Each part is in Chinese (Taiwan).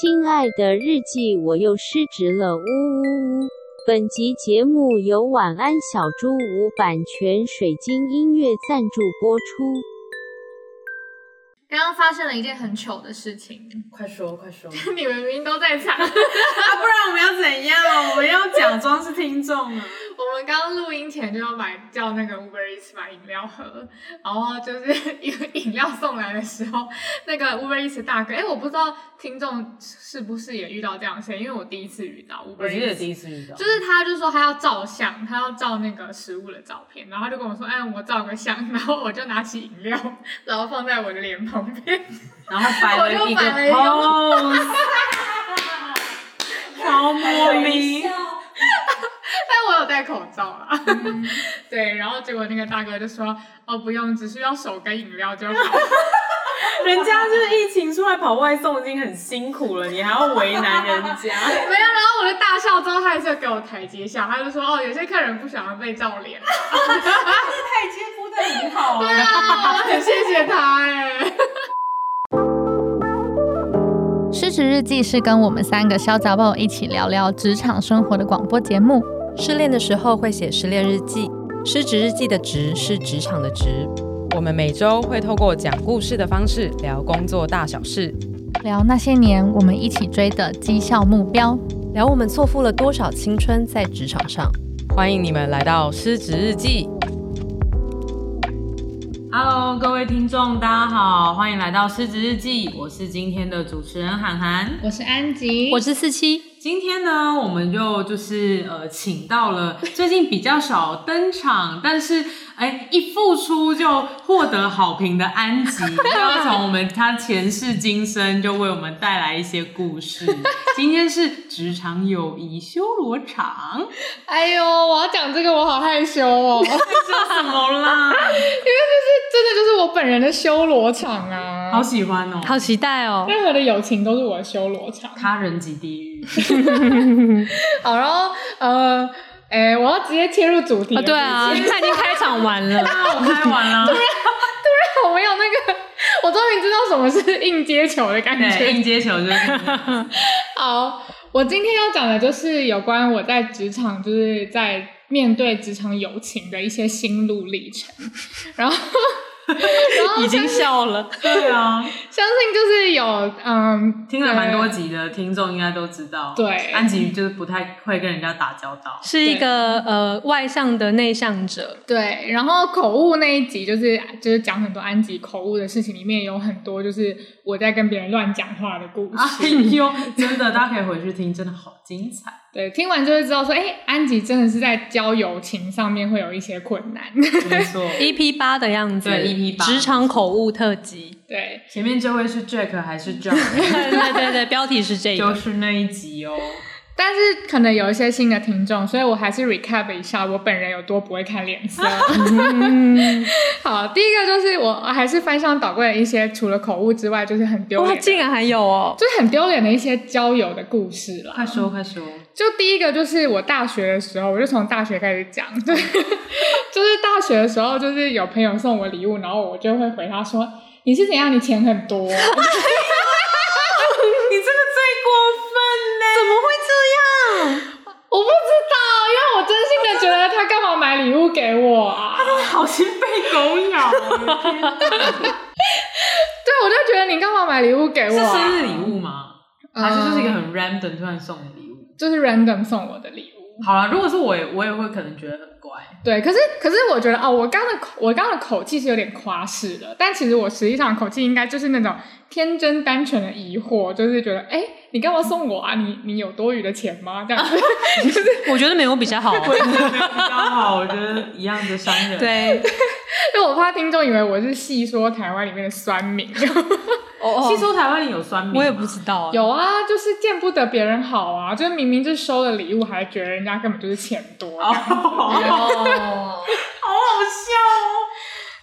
親愛的日記，我又失職了，嗚嗚嗚！本集節目由晚安小豬無版權水晶音樂贊助播出。剛剛發生了一件很糗的事情，快說快說！ 你們明明都在場 啊，不然我們要怎樣哦？ 我們要假裝是聽眾啊！ 我們剛剛錄音前就要買叫那個 Uber Eats 買飲料喝，然後就是因為飲料送來的時候，那個 Uber Eats 大哥，哎，我不知道聽眾是不是也遇到這樣的事，因為我第一次遇到。我記得第一次遇到。就是他就說他要照相，他要照那個食物的照片，然後他就跟我說，哎，我照個相，然後我就拿起飲料，然後放在我的臉旁邊， 然後擺了一個 pose，超莫名。但我有戴口罩啊、嗯，對，然後結果那個大哥就說，哦，不用，只需要手跟飲料就好。 人家就是疫情出來跑外送已經很辛苦了，你還要為難人家。沒有，然後我的大笑，之後他還是給我台階下，他就說，哦，有些客人不想要被罩臉啊。啊哈哈哈哈，這台階鋪的很好。 對啊，很謝謝他哎、欸。失職日記是跟我們三個小雜寶一起聊聊職場生活的廣播節目。失戀的時候會寫失戀日記，失職日記的“職”是職場的“職”。我們每周會透過講故事的方式聊工作大小事，聊那些年我們一起追的績效目標，聊我們錯付了多少青春在職場上。歡迎你們來到失職日記。Hello，各位聽眾，大家好，歡迎來到失職日記。我是今天的主持人涵涵，我是安吉，我是四七。今天呢，我們就就是呃，請到了最近比較少登場，但是。哎，一付出就獲得好評的安吉，要從我們他前世今生就為我們帶來一些故事。今天是職場友誼修羅場。哎呦，我要講這個我好害羞哦。什麼啦？因為這是真的，就是我本人的修羅場啊！好喜歡哦，好期待哦。任何的友情都是我的修羅場，他人即地獄。 好，然後呃。誒、欸、我要直接切入主題是是、啊。對啊，你、就是、他已經開場完了。 啊，我開完了。突然、啊，突然我沒有那個，我終於知道什麼是硬接球的感覺。硬接球就是。 好，我今天要講的就是有關我在職場，就是在面對職場友情的一些心路歷程，然後。 然後是 已經笑了，對啊，相信就是有嗯，聽了蠻多集的聽眾應該都知道，對，對，安吉就是不太會跟人家打交道，是一個呃外向的內向者，對。對，然後口誤那一集就是就是講很多安吉口誤的事情，裡面有很多就是我在跟別人亂講話的故事， 真的大家可以回去聽，真的好精彩。對，聽完就會知道說，哎，安吉真的是在交友情上面會有一些困難，沒錯。EP8 的樣子。對。職場口誤特輯，對，前面這位是 Jack 還是 John？對，對對對， 標題是這個，就是那一集哦。但是可能有一些新的聽眾，所以我還是 recap 一下我本人有多不會看臉色、 嗯。好，第一個就是我還是翻箱倒櫃的一些，除了口誤之外，就是很丟臉，哦、竟然還有哦，就是很丟臉的一些交友的故事了、嗯。快說快說。就第一個就是我大學的時候，我就從大學開始講，對，就是大學的時候，就是有朋友送我禮物，然後我就會回他說：“你是怎樣？你錢很多，哎、 你真的最過分呢！怎麼會這樣？我不知道，因為我真心的覺得他幹嘛買禮物給我啊？他都好心被狗咬、 啊、對，我就覺得你幹嘛買禮物給我、啊？是生日禮物嗎、嗯？還是就是一個很 random 突然送的禮物？”.就是 random 送我的禮物。好了、啊，如果是我也我也會可能覺得很怪。對，可是可是我覺得哦，我剛剛的我剛剛的口氣是有點誇飾的，但其實我實際上口氣應該就是那種天真單純的疑惑，就是覺得哎。誒你幹嘛送我啊？你你有多餘的錢嗎？這樣子、啊就是，我覺得沒有比較好，哈哈哈哈哈。好的，我覺得一樣的酸人，對，因 為我怕聽眾以為我是細說台灣裡面的酸民，哈 細、oh, oh, 說台灣裡面有酸民，我也不知道、啊，有啊，就是見不得別人好啊，就是明明是收了禮物，還覺得人家根本就是錢多，哈、oh, 哈、oh. 好好笑哦，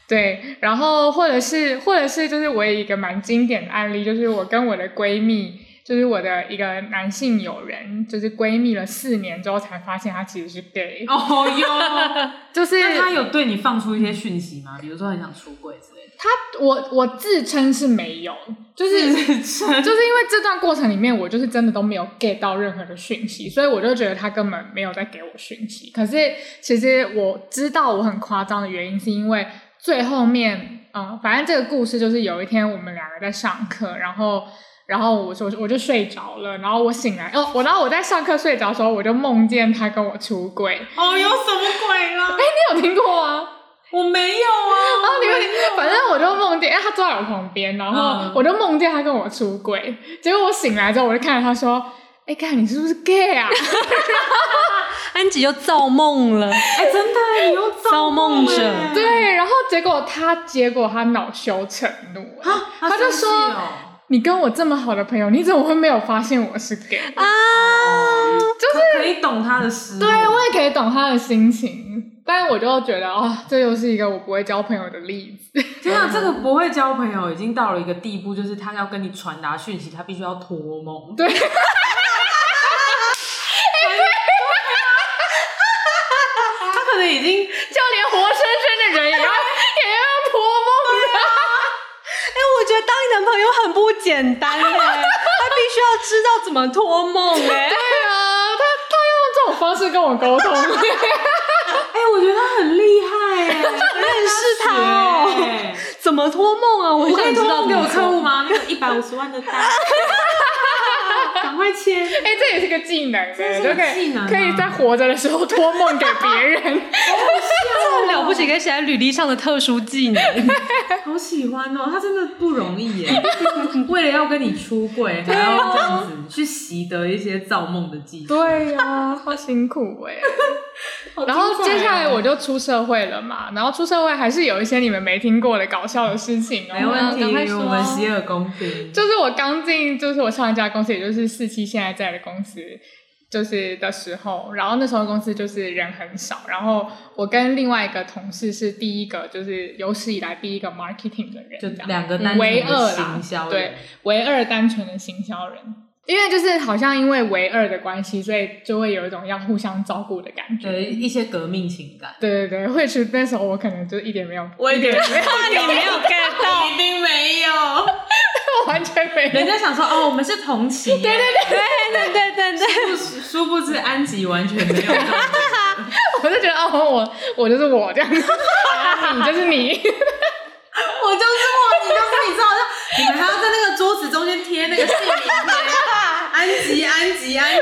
對，然後或者是或者是就是我有一個蠻經典的案例，就是我跟我的閨蜜。就是我的一個男性友人，就是閨蜜了四年之後才發現他其實是 gay。哦喲，oh, 就是 那他有對你放出一些訊息嗎？比如說很想出櫃之類？他我我自稱是沒有，就是 就是因為這段過程裡面，我就是真的都沒有 get 到任何的訊息，所以我就覺得他根本沒有在給我訊息。可是其實我知道我很誇張的原因，是因為最後面，嗯、呃，反正這個故事就是有一天我們兩個在上課，然後。然後我就我就睡着了，然後我醒來，哦，我然後我在上課睡着的時候，我就夢見他跟我出軌。哦，有什麼鬼呢？哎、欸，你有聽過啊？我沒有啊。然後你問、啊，反正我就夢見，哎、欸，他坐在我旁邊，然後我就夢見他跟我出軌。嗯、結果我醒來之後，我就看着他說：“哎、欸，幹你是不是 gay 啊？” 安吉又造夢了。哎、欸，真的，你又造夢了造夢。對，然後結果他，結果他惱羞成怒、哦，他就說。你跟我這麼好的朋友，你怎麼會沒有發現我是 gay 啊、哦？就是可以懂他的事，對我也可以懂他的心情，但是我就覺得哦，這又是一個我不會交朋友的例子。對、嗯、 天啊，這個不會交朋友已經到了一個地步，就是他要跟你傳達訊息，他必須要托夢。對。 不簡單嘞、欸，他必須要知道怎麼托夢哎對啊，他他要用這種方式跟我溝通。哎、 欸，我覺得他很厲害哎、欸， 我認識他哦、喔。 怎麼托夢啊？我可以托夢給我客戶嗎？ 那個一百五十萬的單，趕 快簽！哎、欸，這也是個技能的，對可以，技能啊、可以在活着的時候托夢給別人。 哦不僅可以寫在履歷上的特殊技能， 好喜歡哦！他真的不容易耶， 為了要跟你出櫃， 還要這樣子去習得一些造夢的技能，對呀、啊，好辛苦哎、 啊。然後接下來我就出社會了嘛，然後出社會還是有一些你們沒聽過的搞笑的事情哦。沒問題，我們洗耳恭聽。就是我剛進，就是我上一家公司，也就是四七現在在的公司。就是的時候，然後那時候公司就是人很少，然後我跟另外一個同事是第一個，就是有史以來第一個 marketing 的人，就兩個單純的行銷人。唯二啦，對，唯二單純的行銷人。因為就是好像因為唯二的關係，所以就會有一種要互相照顧的感覺，對一些革命情感。對對對，或許那時候我可能就一點沒有，我有一點沒有， 沒有 get 到， 一定沒有。人家想說哦，我們是同期，啊，對對對對對對、哦、對對對。殊不知安吉完全沒有。我就覺得哦，我我就是我這樣子，啊啊啊，你就是你，我就是我。你就是你知道， 你們還要在那個桌子中間貼那個姓名牌，安吉安吉安吉，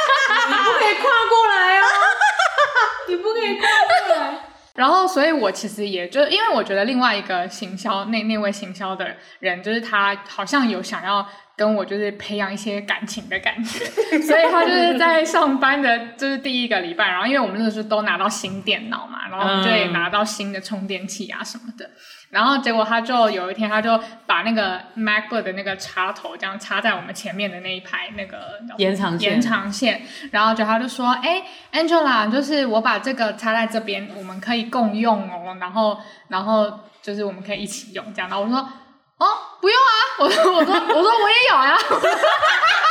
你不可以跨過來哦，啊， 你不可以跨過來。然後，所以我其實也就因為我覺得另外一個行銷那那位行銷的人，就是他好像有想要跟我就是培養一些感情的感覺， 所以他就是在上班的，就是第一個禮拜，然後因為我們那時候都拿到新電腦嘛，然後就也拿到新的充電器啊什麼的。然後結果他就有一天，他就把那個 MacBook 的那個插頭這樣插在我們前面的那一排那個延長線延長線，然後就他就說：“哎，Angela，就是我把這個插在這邊，我們可以共用哦。然後然後就是我們可以一起用，這樣，然後我說：“哦，不用啊。”我說：“我說我說我也有啊。 ”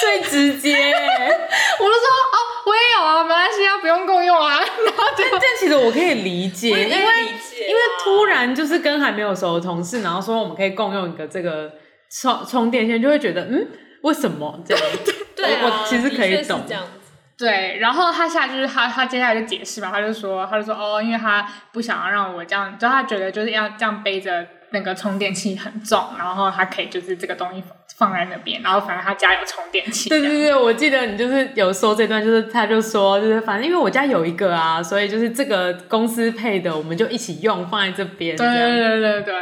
最直接，欸， 我就說哦，我也有啊，沒關係啊，不用共用啊。然後這樣其實我可以理解，理解啊，因為因為突然就是跟還沒有熟的同事，然後說我們可以共用一個這個充充電線，就會覺得嗯，為什麼這樣？對，對，啊，我其實可以懂。這樣子。對，然後他下來就是他他接下來就解釋嘛，他就說他就說哦，因為他不想要讓我這樣，就他覺得就是要這樣背着。那個充電器很重，然後他可以就是這個東西放在那邊，然後反正他家有充電器。對對對，我記得你就是有說這段，就是他就說，就是反正因為我家有一個啊，所以就是這個公司配的，我們就一起用，放在這邊。對對對對對。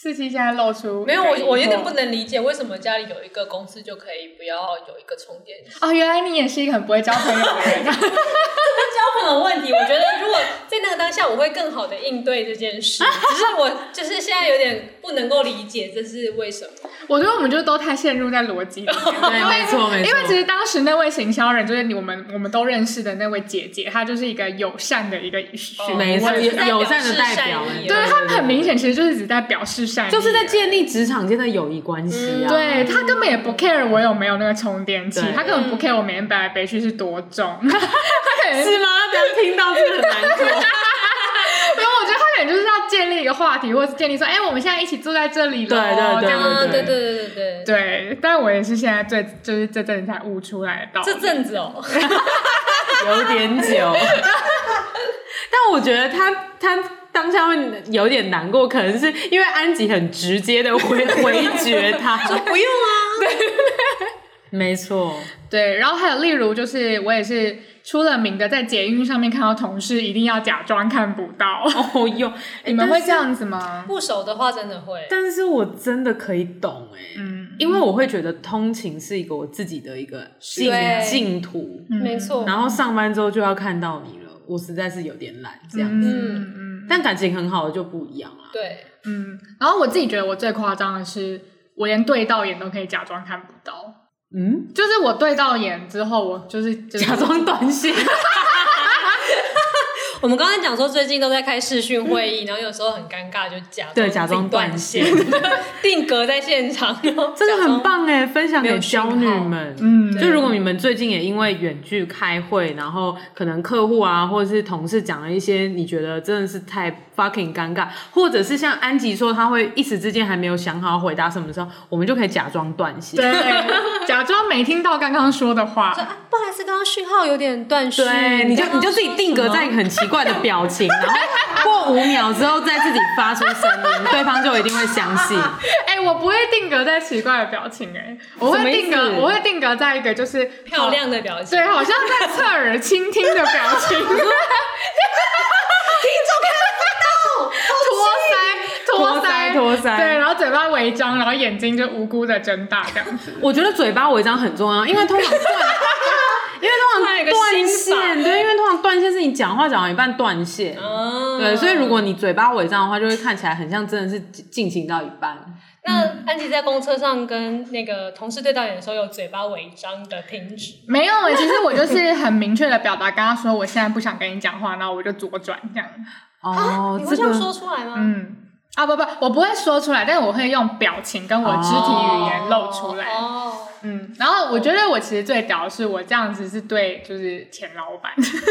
事情現在露出沒有我，我有點不能理解為什麼家裡有一個公司就可以不要有一個充電啊、哦？原來你也是一個很不會交朋友的人，啊。 交朋友問題，我覺得如果在那個當下，我會更好的應對這件事。 只是我就是現在有點不能夠理解這是為什麼。 我覺得我們就都太陷入在邏輯了。對。 因為，沒錯，沒錯。因為其實當時那位行銷人就是你，我們我們都認識的那位姐姐，她就是一個友善的一個，哦，沒錯，友善的代表。他們很明顯，其實就是只在表示。就是在建立職場間的友誼關係、啊嗯。對他根本也不 care 我有沒有那個充電器，他根本不 care 我每天背來背去是多重。嗯、 是嗎？這樣聽到真的很難過。沒 對 我覺得他可能就是要建立一個話題，或是建立說，哎、欸，我們現在一起坐在這裡了，對對對對對，對對對對對。對，但我也是現在最就是這陣子才悟出來到這陣子哦， 有點久。 但我覺得他他。當下會有點難過，可能是因為安吉很直接的回 回絕他，說不用啊。對，沒錯，對。然後還有例如，就是我也是出了名的，在捷運上面看到同事，一定要假裝看不到。哦、oh, 喲、欸，你們會這樣子嗎？不熟的話，真的會。但是我真的可以懂、欸，哎，嗯，因為我會覺得通勤是一個我自己的一個信淨土，沒、嗯、錯。然後上班之後就要看到你了，嗯、我實在是有點懶，這樣子。嗯嗯但感情很好的就不一樣了。對，嗯，然後我自己覺得我最誇張的是，我連對到眼都可以假裝看不到。嗯，就是我對到眼之後，我就是假裝短信 我們剛剛講說，最近都在開視訊會議，嗯，然後有時候很尷尬，就假裝對，假裝斷線， 定格在現場，真的很棒哎！分享給驕女們。嗯，就如果你們最近也因為遠距開會，然後可能客戶啊，嗯、或者是同事講了一些，你覺得真的是太 fucking 尷尬，或者是像安吉說他會一時之間還沒有想好回答什麼的時候，我們就可以假裝斷線，對，假裝沒聽到剛剛說的話。 哎、不好意思，剛剛訊號有點斷線，對，你,剛剛你就你就自己定格在一個很奇怪的表情，然後過五秒之後再自己發出聲音， 對方就一定會相信。哎、欸，我不會定格在奇怪的表情、欸，哎，我會定格，我會定格在一個就是漂亮的表情，對，好像在側耳傾聽的表情。聽眾看。托腮托腮托腮，對，然後嘴巴微張，然後眼睛就無辜的睜大這樣子。 我覺得嘴巴微張很重要，因為通常 因為通常斷，有個斷線，對，對，因為通常斷線是你講話講到一半斷線、哦，對，所以如果你嘴巴微張的話，就會看起來很像真的是進行到一半。那、嗯、安吉在公車上跟那個同事對導演的時候，有嘴巴微張的停止？ 沒有，其實我就是很明確的表達，跟他說我現在不想跟你講話，然後我就左轉這樣。啊、哦，你會這樣說出來嗎？這個、嗯，啊不不，我不會說出來，但是我會用表情跟我肢體語言露出來。哦，嗯，哦、嗯，然後我覺得我其實最屌的是我這樣子是對，就是前老闆。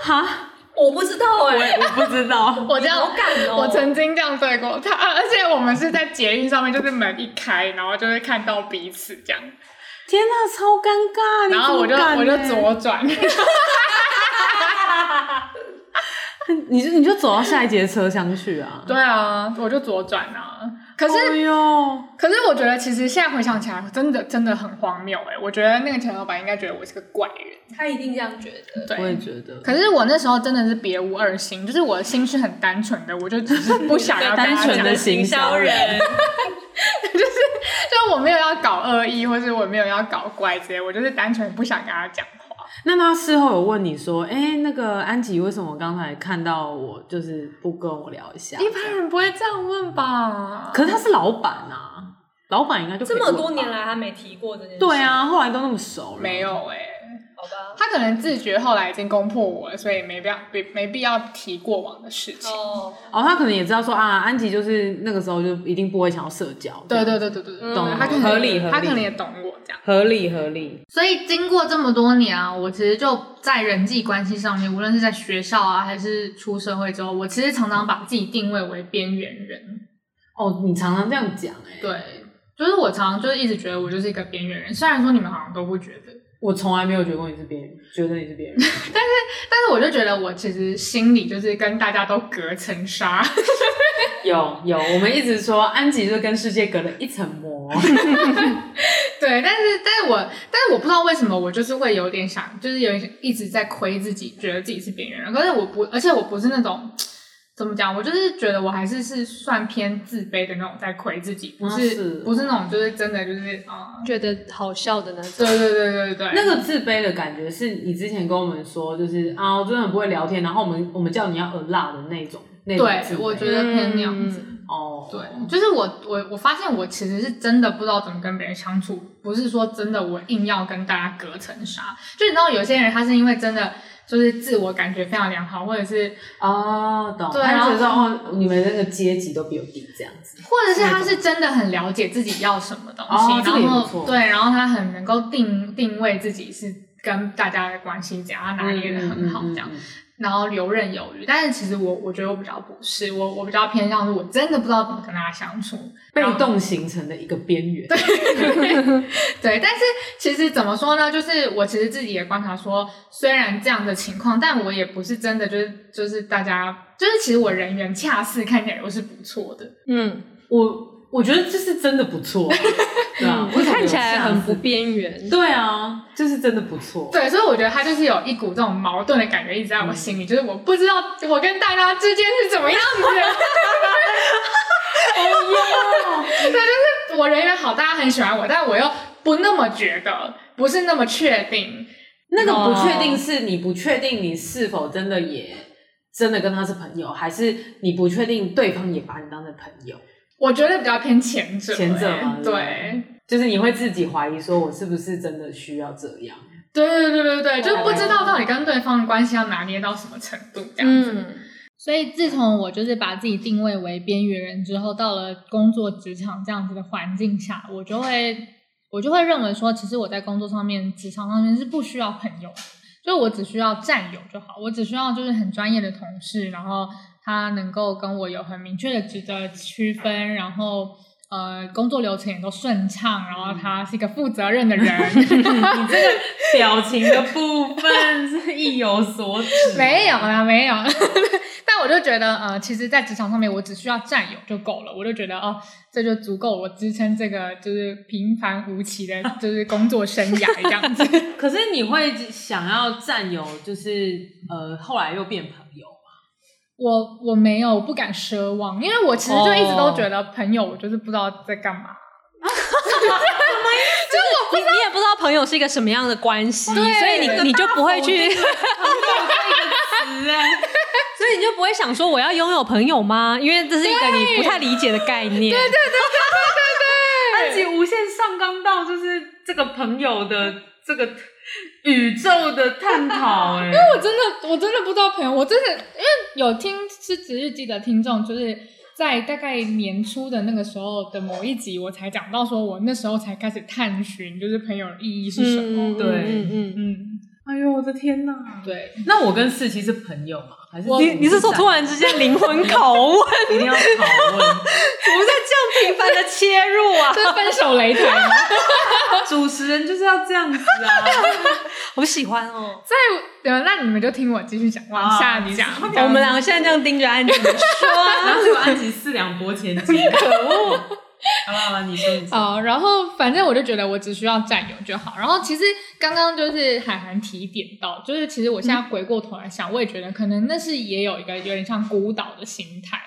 哈呵呵，我不知道哎、欸，我不知道， 我這樣、喔、我曾經這樣對過他、啊，而且我們是在捷運上面，就是門一開，然後就會看到彼此這樣。天哪、啊，超尷尬、欸！然後我就我就左轉。 你就你就走到下一節車廂去啊？ 對啊，我就左轉啊。可是，哎，可是我覺得其實現在回想起來，真的真的很荒謬哎、欸！我覺得那個前老闆應該覺得我是個怪人，他一定這樣覺得。對，我也覺得。可是我那時候真的是別無二心，就是我的心是很單純的，我就只是不想要 單純的行銷人， 就是就是我沒有要搞惡意，或是我沒有要搞怪之類，我就是單純不想跟他講。那他事後有問你說，哎、欸，那個安吉，為什麼剛才看到我就是不跟我聊一下？一般人不會這樣問吧？嗯、可是他是老闆啊，老闆應該就這麼多年來他沒提過這件事。對啊，後來都那麼熟了，沒有哎、欸，好吧。他可能自覺後來已經攻破我了，所以沒必要沒沒必要提過往的事情。哦，哦，他可能也知道說啊，安吉就是那個時候就一定不會想要社交。對對對對對對，懂了、嗯。他可能合理，合理，他可能也懂。合理合理，所以經過這麼多年啊，我其實就在人際關係上面，無論是在學校啊，還是出社會之後，我其實常常把自己定位為邊緣人。哦，你常常這樣講哎、欸，對，就是我常常就是一直覺得我就是一個邊緣人。雖然說你們好像都不覺得，我從來沒有覺得你是邊緣，覺得你是邊緣人， 但是但是我就覺得我其實心裡就是跟大家都隔層紗。 有有，我們一直說安吉就跟世界隔了一層膜。 對，但是但是我但是我不知道為什麼我就是會有點想，就是有一,一直在虧自己，覺得自己是邊緣人。可是我不，而且我不是那種是怎麼講，我就是覺得我還是是算偏自卑的那種，在虧自己，不是、啊、是不是那種就是真的就是啊、呃，覺得好笑的那種。對對對對對，對，那個自卑的感覺是你之前跟我們說就是啊，我真的很不會聊天，然後我們我們叫你要呃辣的那種。對，我覺得偏那樣子。哦、嗯，對哦，就是我，我我發現我其實是真的不知道怎麼跟別人相處，不是說真的我硬要跟大家隔層紗。就你知道，有些人他是因為真的就是自我感覺非常良好，或者是哦，懂，對，然後你們那個階級都比我低這樣子，或者是他是真的很了解自己要什麼東西，哦、然後、哦這個、對，然後他很能夠定定位自己是跟大家的關係怎樣，他拿捏的很好這樣。嗯嗯嗯嗯嗯然後游刃有餘，但是其實我我覺得我比較不是我我比較偏向是我真的不知道怎麼跟大家相處，被動形成的一個邊緣。對，對，對 對，但是其實怎麼說呢？就是我其實自己也觀察說，雖然這樣的情況，但我也不是真的就是就是大家就是其實我人緣恰似看起來都是不錯的。嗯，我。我覺得這是真的不錯， 對啊，嗯、是看起來很不邊緣。對啊，這、就是真的不錯。對，所以我覺得他就是有一股這種矛盾的感覺 一直在我心裡，就是我不知道我跟大家之間是怎麼樣子的。 哎呀，對， 就是我人緣好， 大家很喜歡我，但我又不那麼覺得，不是那麼確定。那個不確定是你不確定你是否真的也真的跟他是朋友， 還是你不確定對方也把你當成朋友？我覺得比較偏前者，前者對，就是你會自己懷疑說，我是不是真的需要這樣？對對對對，就不知道到底跟對方的關係要拿捏到什麼程度這樣子。所以自從我就是把自己定位為邊緣人之後，到了工作職場這樣子的環境下，我就會我就會認為說，其實我在工作上面、職場上面是不需要朋友，就我只需要戰友就好，我只需要就是很專業的同事，然後。他能夠跟我有很明確的職責區分，然後呃，工作流程也都順暢，然後他是一個負責任的人。嗯、 你這個表情的部分是意有所指？沒有啦、啊，沒有。 但我就覺得，呃其實，在職場上面，我只需要戰友就夠了。我就覺得，哦，這就足夠我支撐這個就是平凡無奇的，就是工作生涯這樣子。 可是你會想要戰友，就是呃，後來又變朋友。我我沒有，我不敢奢望，因為我其實就一直都覺得朋友，我就是不知道在幹嘛，哦、是 就我不知道， 就是 就是、 你， 你也不知道朋友是一個什麼樣的關係，所以你你就不會去，這個、 所以你就不會想說我要擁有朋友嗎？因為這是一個你不太理解的概念，對對對對對，對，對，對，安 吉無限上綱到就是這個朋友的這個。 宇宙的探討、欸， 因為我真的，我真的不知道朋友，我真的因為有聽《失職日記》的聽眾，就是在大概年初的那個時候的某一集，我才講到說，我那時候才開始探尋，就是朋友意義是什麼。嗯、對，嗯嗯。嗯嗯哎呦，我的天吶！對，那我跟四七是朋友嗎？還是你你是說突然之間靈魂拷問？一定 要拷問？ 我們在這樣頻繁的切入啊，這是 分手擂台， 主持人就是要這樣子啊， 我喜歡哦。在那你們就聽我繼續講。哇、啊，下你講，你講，我們兩個現在這樣盯着安吉 說、啊，是 安吉四兩撥千斤， 可惡。好了好了你說，你說，好，然後反正我就覺得我只需要占有就好。然後其實剛剛就是海涵提點到，就是其實我現在回過頭來想，嗯、我也覺得可能那是也有一個有點像孤島的心態，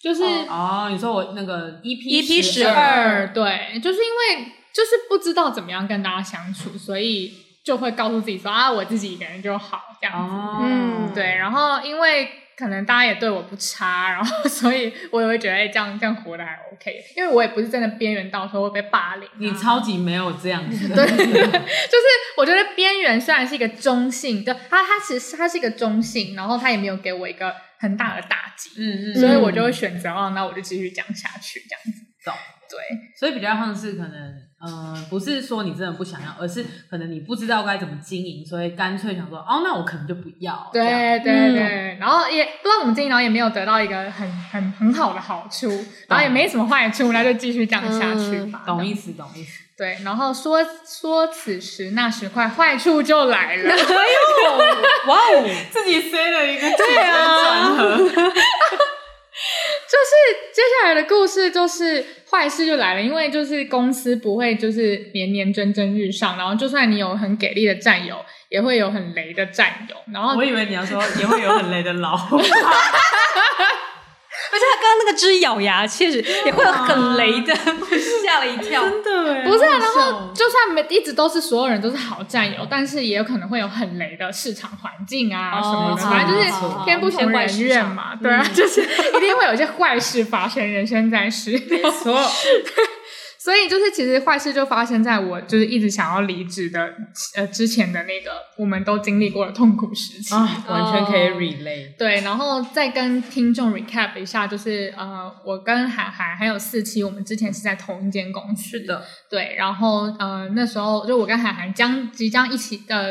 就是啊、哦哦，你說我那個 EP 十二，對，就是因為就是不知道怎麼樣跟大家相處，所以就會告訴自己說啊，我自己一個人就好這樣子、哦。嗯，對，然後因為。可能大家也對我不差，然後所以我也會覺得，哎、欸，這樣這樣活的還 OK。因為我也不是真的邊緣到說會被霸凌、啊。你超級沒有這樣子。嗯、對， 就是我覺得邊緣雖然是一個中性，對，它它其實是它是一個中性，然後它也沒有給我一個很大的打擊。嗯嗯。所以我就會選擇哦，那、嗯、我就繼續講下去這樣子。對，所以比較像是可能。嗯、呃，不是說你真的不想要，而是可能你不知道該怎麼經營，所以乾脆想說，哦，那我可能就不要。對對對、嗯，然後也不知道怎麼經營，然後也沒有得到一個很很很好的好處，然後也沒什麼壞處，嗯、那就繼續這樣下去吧、嗯。懂意思，懂意思。對，然後說說時遲那時快，壞處就來了。又哇哦，自己塞了一個起承轉合對啊。 就是接下來的故事，就是壞事就來了，因為就是公司不會就是年年蒸蒸日上，然後就算你有很給力的戰友，也會有很雷的戰友，然後我以為你要說也會有很雷的老虎。 而且他剛剛那個只咬牙，確實也會很雷的，嚇、啊、 了一跳。真的不是、啊，然後就算沒，一直都是所有人都是好戰友、嗯，但是也有可能會有很雷的市場環境啊什麼的。哦、反正就是天不從人願嘛，哦嗯、對，啊，就是一定會有一些壞事發生，嗯、 人生在世，所有。所以就是，其實壞事就發生在我就是一直想要離職的，呃，之前的那個我們都經歷過的痛苦時期。哦，完全可以 relate。對，然後再跟聽眾 recap 一下，就是呃，我跟海涵還有四期，我們之前是在同一間公司，的，對。然後呃，那時候就我跟海涵將即將一起的呃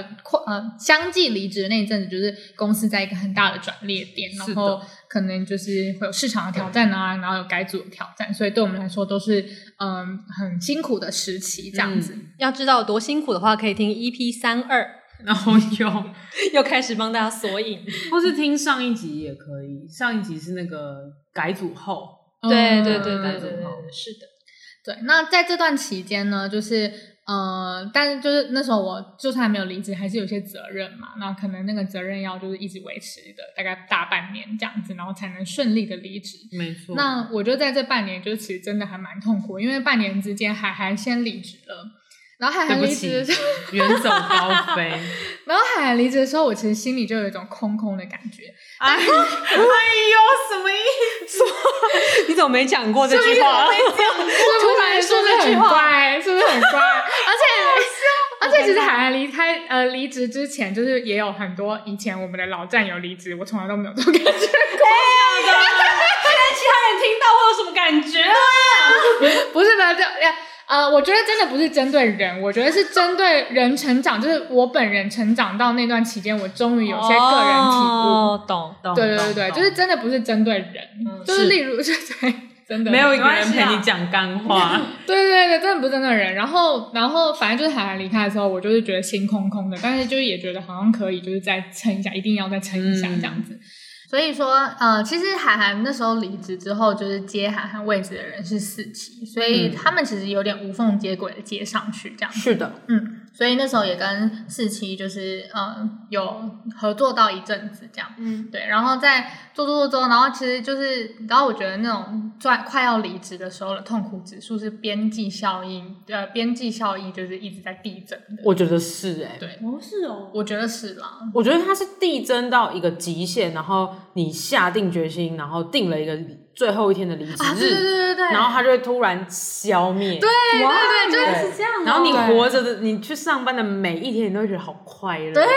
呃相繼離職的那一陣子，就是公司在一個很大的轉捩點，然後。可能就是會有市場的挑戰啊，然後有改組的挑戰，所以對我們來說都是嗯很辛苦的時期這樣子。嗯、要知道有多辛苦的話，可以聽 EP 三二，然後又 又開始幫大家索引，或是聽上一集也可以。上一集是那個改組後，嗯、對對對對對對，是的。對，那在這段期間呢，就是。呃，但是就是那時候我就算還沒有離職，還是有些責任嘛。那可能那個責任要就是一直維持的，大概大半年這樣子，然後才能順利的離職。沒錯。那我就在這半年，就其實真的還蠻痛苦，因為半年之間海涵先離職了，然後海涵離職的時候 遠走高飛。然後海涵離職的時候，我其實心裡就有一種空空的感覺。哎呦，什麼意思？你怎麼沒講過這句話是是這？我突然說這句話，是不是很怪？是不是很乖 而且，yes. 而且，其實海岸離開呃離職之前，就是也有很多以前我們的老戰友離職，我從來都沒有這種感覺過。被其他人聽到會有什麼感覺嗎？不是的，的就呀。呃，我覺得真的不是針對人，我覺得是針對人成長，就是我本人成長到那段期間，我終於有些個人體悟、哦，懂懂，對對對對，就是真的不是針對人，嗯、就是例如是，就對，真的沒有一個人陪你講幹話、嗯，對對對，真的不是針對人，然後然後反正就是海涵離開的時候，我就是覺得心空空的，但是就是也覺得好像可以，就是再撐一下，一定要再撐一下這樣子。嗯所以說，呃，其實海涵那時候離職之後，就是接海涵位置的人是四期，所以他們其實有點無縫接軌的接上去，這樣子。是、嗯、的，嗯。所以那時候也跟四期就是嗯有合作到一陣子這樣，嗯對，然後在做做做做，然後其實就是，然後我覺得那種快快要離職的時候的痛苦指數是邊際效應，呃，邊際效應就是一直在遞增的。我覺得是哎，欸，對，不是哦，我覺得是啦，我覺得它是遞增到一個極限，然後你下定決心，然後定了一個。最後一天的離職日、啊，是對對對，然後它就會突然消滅。對 wow, 對對，就是這樣，哦，然後你活着的，你去上班的每一天，你都會覺得好快樂對。對，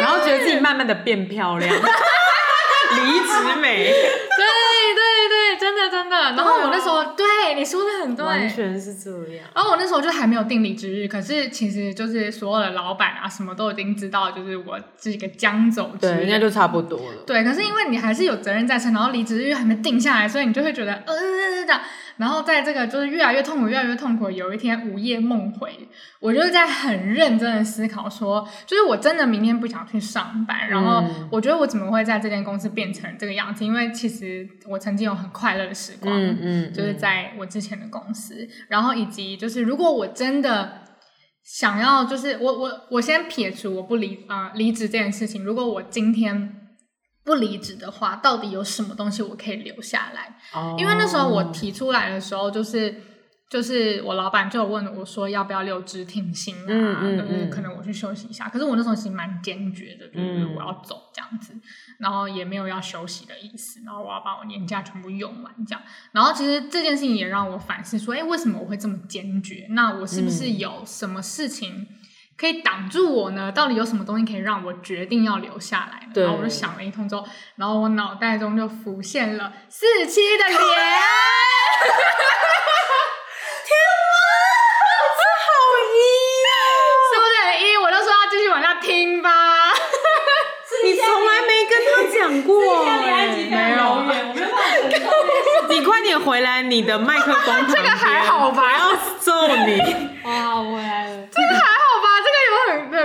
然後覺得自己慢慢的變漂亮，離 職 美。真的，真的，然後我那時候對、啊、對你說的很對，完全是這樣。然後我那時候就還沒有定離職日，可是其實就是所有的老板啊，什麼都已經知道，就是我自己個將走其實應該就差不多了、嗯。對，可是因為你還是有責任在身，然後離職日還沒定下來，所以你就會覺得，呃，呃呃呃這樣。然後在這個就是越來越痛苦，越來越痛苦。有一天午夜夢回，我就在很認真的思考說，說就是我真的明天不想去上班。然後我覺得我怎麼會在這間公司變成這個樣子？因為其實我曾經有很快樂的時光，嗯嗯，嗯，就是在我之前的公司。然後以及就是如果我真的想要，就是我我我先撇除我不離啊、呃、離職這件事情。如果我今天。不離職的話，到底有什麼東西我可以留下來？Oh. 因為那時候我提出來的時候，就是就是我老板就問我說，要不要留職停薪啊？Mm -hmm. 可能我去休息一下。Mm -hmm. 可是我那時候其實蠻堅決的，就是、mm -hmm. 我要走這樣子，然後也沒有要休息的意思，然後我要把我年假全部用完這樣。Okay. 然後其實這件事情也讓我反思說，哎，為什麼我會這麼堅決？那我是不是有什麼事情？可以擋住我呢？到底有什麼東西可以讓我決定要留下來，對？然後我就想了一通之後，然後我腦袋中就浮現了四七的臉。 天哪、啊！這好音、哦，是不是很一，我就說要繼續往下聽吧。你從來沒跟他講過，沒有。沒 你快點回來，你的麥克風 這個還好吧？要揍你 哇！我來了。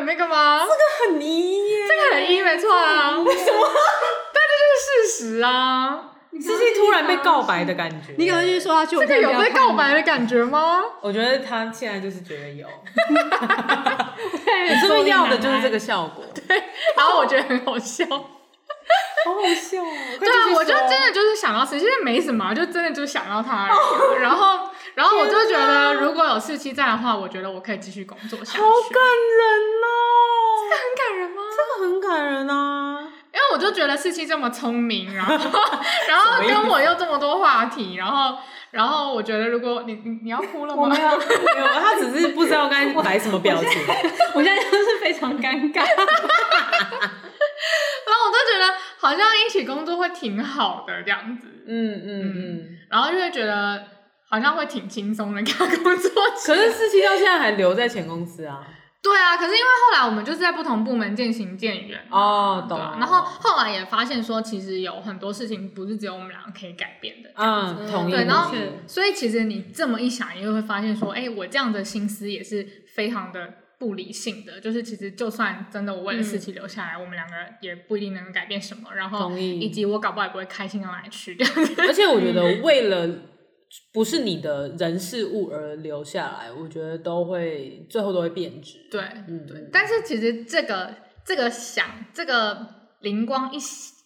沒幹嘛，這個很一，這個很一，沒錯啊，為什麼？但這就是事實啊， 你這是突然被告白的感覺。你可能就是說他去，這個有被告白的感覺嗎？我覺得他現在就是覺得有， 對你是不是要的就是這個效果？ 對，然後我覺得很好笑，好好笑啊，哦！對啊，我就真的就是想要，其實沒什麼，就真的就想要他，然後。 然後我就覺得，如果有四七在的話，我覺得我可以繼續工作下去。好感人哦！這個很感人嗎？這個很感人啊！因為我就覺得四七這麼聰明，然後然後跟我又這麼多話題，然後然後我覺得，如果你你你要哭了嗎？我沒有，沒有，他只是不知道該擺什麼表情。我現， 我現在就是非常尷尬。 然後我就覺得，好像一起工作會挺好的這樣子。嗯嗯嗯。然後就會覺得。好像會挺輕鬆的跟他工作，可是四七到現在還留在前公司啊 ？對啊，可是因為後來我們就是在不同部門漸行漸遠哦，懂了對。然後後來也發現說，其實有很多事情不是只有我們兩個可以改變的。嗯，同意。對，然後是所以其實你這麼一想，你就會發現說，哎、欸，我這樣的心思也是非常的不理性的。就是其實就算真的我為了四七留下來，嗯、我們兩個也不一定能改變什麼。然後，同意。以及我搞不好也不會開心的來去這樣子。 而且我覺得為了。不是你的人事物而留下來，我覺得都會最後都會變質。對，嗯，對。但是其實這個這個想這個靈光一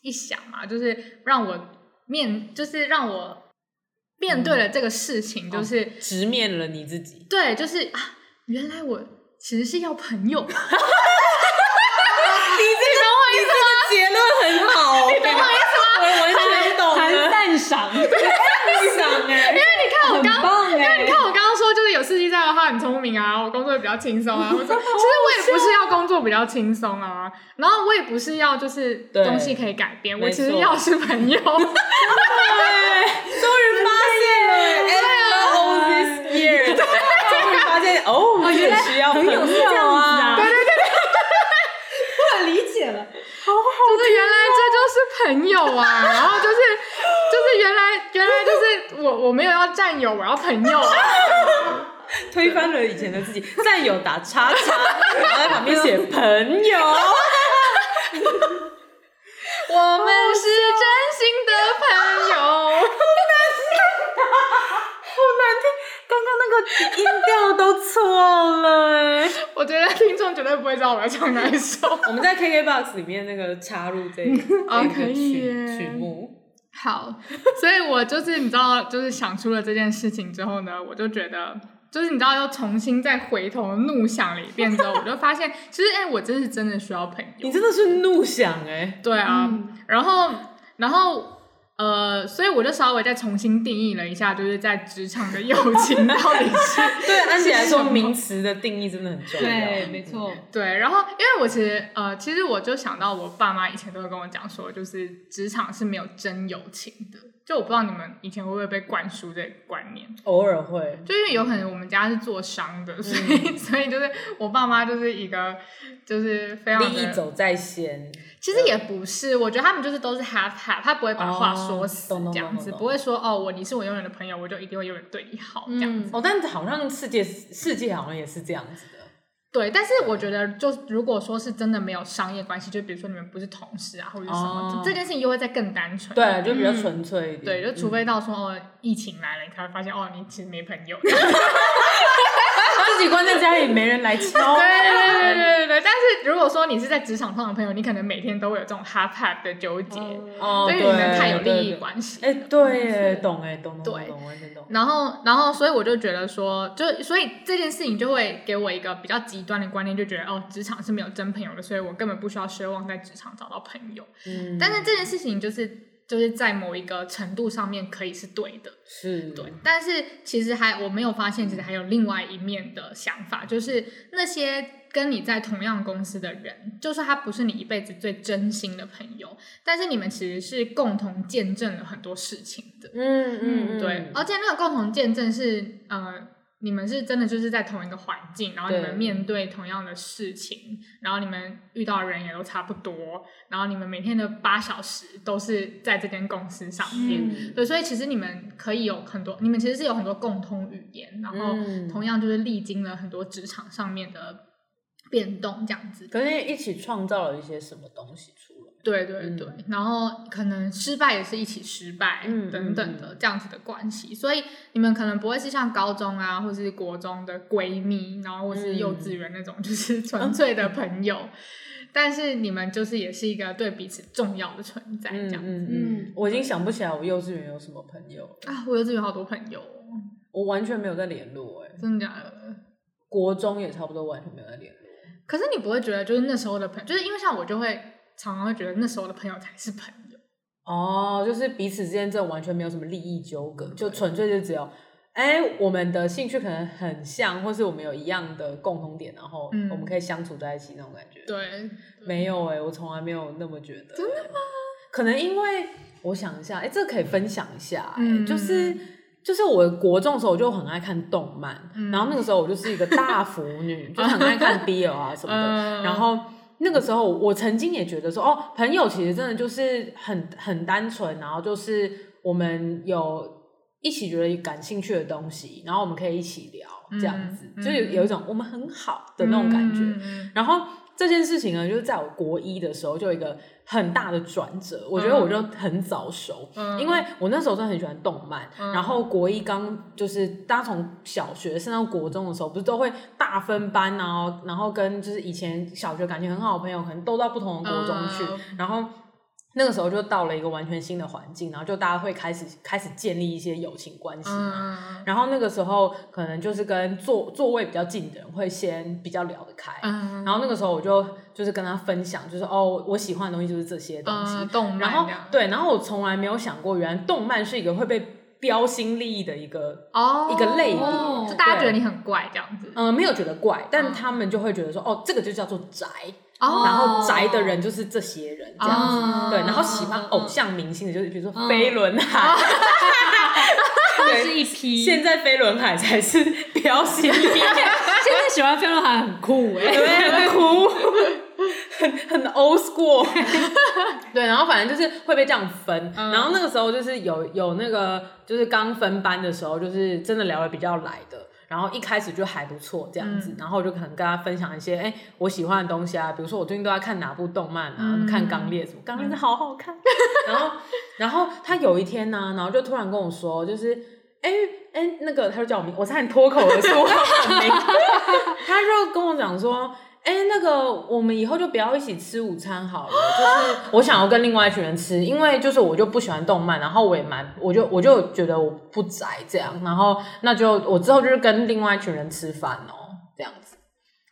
一想嘛，就是讓我面，就是讓我面對了這個事情，嗯、就是直面了你自己。對，就是啊，原來我其實是要朋友。 你懂我意思嗎？結論很好，你懂我意思嗎？你 你我完全懂，很讚賞。 因為你看我剛，因為你看我剛剛、欸、說就是有四 G 在的話很聰明啊，我工作比較輕鬆啊。我說其實我也不是要工作比較輕鬆啊，然後我也不是要就是東西可以改變，我其實要的是朋友。 對，終 於發現了，對啊，對啊，all these years，終於發現哦，原來朋友啊，對對對對，我 理解了，好好，哦，就是，原來這就是朋友啊， 然後就是。就是原來，原來就是我，我沒有要戰友，我要朋友， 推翻了以前的自己，戰友打叉叉， 然後在旁邊寫朋友。 我們是真心的朋友，好 我難聽，剛剛那個音調都錯了、欸。 我覺得聽眾絕對不會知道我要唱哪首， 我們在 KKBOX 裡面那個插入這個哦、 啊，可以耶，曲，曲目。好，所以我就是你知道，就是想出了這件事情之後呢，我就覺得，就是你知道，又重新再回頭怒想了一遍之後，我就發現， 其實哎、欸，我真是真的需要朋友，你真的是怒想哎、欸，對啊，然後、嗯、然後。然後呃，所以我就稍微再重新定義了一下，就是在職場的友情到底是 對，是安吉來說，名詞的定義真的很重要。對，沒錯、嗯。對，然後因為我其實呃，其實我就想到我爸媽以前都會跟我講說，就是職場是沒有真友情的。就我不知道你們以前會不會被灌輸這個觀念？偶爾會，就因為有可能我們家是做商的，嗯、所以所以就是我爸媽就是一個就是非常利益走在先。其實也不是，我覺得他們就是都是 half-half，他不會把話說死這樣子，oh, don't, don't, don't, don't. 不會說哦，我你是我永遠的朋友，我就一定會永遠對你好這樣子，嗯。哦，但好像世界世界好像也是這樣子的。對，但是我覺得就如果說是真的沒有商業關係，就比如說你們不是同事啊或者什麼，oh. 這件事情又會再更單純，對，就比較純粹一點，嗯。對，就除非到說疫情來了，你才會發現，嗯、哦，你其實沒朋友。 自己關在家裡，沒人來敲。對 對對對對。但是如果說你是在職場上的朋友，你可能每天都會有這種哈帕的糾結、嗯對，因為裡面太有利益關係。哎，對,對,對，哎、欸，懂，哎，懂,懂，懂,懂，懂，懂。然後，然後，所以我就覺得說，就所以這件事情就會給我一個比較極端的觀念，就覺得哦，職場是沒有真朋友的，所以我根本不需要奢望在職場找到朋友、嗯。但是這件事情就是。就是在某一個程度上面可以是對的，是對。但是其實還我沒有發現，其實還有另外一面的想法，就是那些跟你在同樣公司的人，就是他不是你一輩子最真心的朋友，但是你們其實是共同見證了很多事情的。嗯嗯，對。而且那個共同見證是，呃。你們是真的就是在同一個環境，然後你們面對同樣的事情，然後你們遇到的人也都差不多，然後你們每天的八小時都是在這間公司上面，嗯，對，所以其實你們可以有很多，你們其實是有很多共通語言，然後同樣就是歷經了很多職場上面的變動這樣子。嗯、可是，一起創造了一些什麼東西出來？對對對、嗯，然後可能失敗也是一起失敗等等的這樣子的關係、嗯嗯嗯，所以你們可能不會是像高中啊，或是國中的閨蜜，然後或是幼稚園那種就是純粹的朋友、嗯，但是你們就是也是一個對彼此重要的存在這樣子。嗯，嗯嗯，我已經想不起來我幼稚園有什麼朋友啊，我幼稚園好多朋友，我完全沒有在聯絡哎、欸，真的假的？國中也差不多完全沒有在聯絡，可是你不會覺得就是那時候的朋，友，就是因為像我就會。常常會覺得那時候的朋友才是朋友哦，就是彼此之間這種完全沒有什麼利益糾葛，就純粹就只有哎、欸，我們的興趣可能很像，或是我們有一樣的共同點，然後我們可以相處在一起、嗯、那種感覺。對，對沒有哎、欸，我從來沒有那麼覺得、欸。真的嗎？可能因為我想一下，哎、欸，這個、可以分享一下、欸嗯，就是就是我國中的時候我就很愛看動漫、嗯，然後那個時候我就是一個大腐女， 就很愛看 BL 啊什麼的， 嗯、然後。那個時候，我曾經也覺得說，哦，朋友其實真的就是很很單純，然後就是我們有一起覺得感興趣的東西，然後我們可以一起聊，這樣子、嗯嗯、就有有一種我們很好的那種感覺，嗯、然後。這件事情呢，就是在我國一的時候，就有一個很大的轉折。嗯、我覺得我就很早熟、嗯，因為我那時候真的很喜歡動漫。嗯、然後國一剛就是，大家從小學升到國中的時候，不是都會大分班，然後，然後跟就是以前小學感情很好的朋友，可能都到不同的國中去，嗯、然後。那個時候就到了一個完全新的環境，然後就大家會開始開始建立一些友情關係嘛、嗯。然後那個時候可能就是跟座座位比較近的人會先比較聊得開。嗯、然後那個時候我就就是跟他分享，就是哦，我喜歡的東西就是這些東西。嗯、動漫然後，對，然後我從來沒有想過，原來動漫是一個會被標新立異的一個哦一個類別，就大家覺得你很怪這樣子。嗯，沒有覺得怪，但他們就會覺得說，嗯、哦，這個就叫做宅。Oh. 然後宅的人就是這些人這樣子、oh.，oh. 對，然後喜歡偶像明星的就是比如說飛輪海，那、oh. oh. 對 是一批。現在飛輪海才是比較新。 現在喜歡飛輪海很酷哎，對，很酷，很酷 很，很 old school。 對，然後反正就是會被這樣分。Um. 然後那個時候就是有有那個就是剛分班的時候，就是真的聊得比較來的。然後一開始就還不錯這樣子，嗯、然後我就可能跟他分享一些哎、嗯、我喜歡的東西啊，比如說我最近都在看哪部動漫啊，嗯、看鋼、嗯《鋼烈》什麼，《鋼烈》好好看。 然後，然後他有一天呢、啊， 然後就突然跟我說，就是哎哎那個，他就叫我，我差點脫口而出， 他就跟我講說，說。哎、欸，那個，我們以後就不要一起吃午餐好了。就是我想要跟另外一群人吃，因為就是我就不喜歡動漫，然後我也蠻，我就我就覺得我不宅這樣，然後那就我之後就是跟另外一群人吃飯哦、喔，這樣子。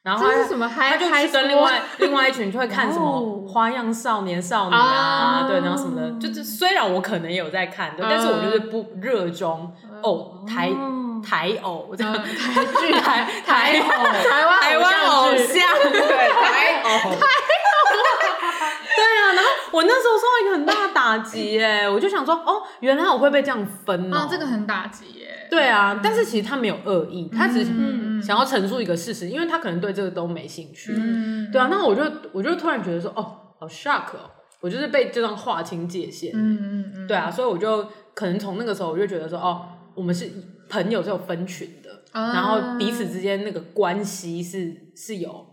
然後這是什麼？他就去跟另外另外一群就會看什麼花樣少年少女啊，oh. 對，然後什麼的，就是雖然我可能有在看，對，但是我就是不熱衷哦台。Oh. Oh, 台偶，嗯、台、台、台偶，台劇，台、台偶，台灣台偶像，對台偶，台偶， 對啊。然後我那時候受到一個很大的打擊耶、欸欸，我就想說，哦、喔，原來我會被這樣分哦、喔啊，這個很打擊耶、欸。對啊、嗯，但是其實他沒有惡意、嗯，他只是想要陳述一個事實、嗯，因為他可能對這個都沒興趣。嗯、對啊，那我就我就突然覺得說，哦、喔，好 shock 哦、喔，我就是被這樣劃清界限嗯。嗯，對啊，所以我就可能從那個時候我就覺得說，哦、喔，我們是。朋友是有分群的，啊，然後彼此之間那個關係是是有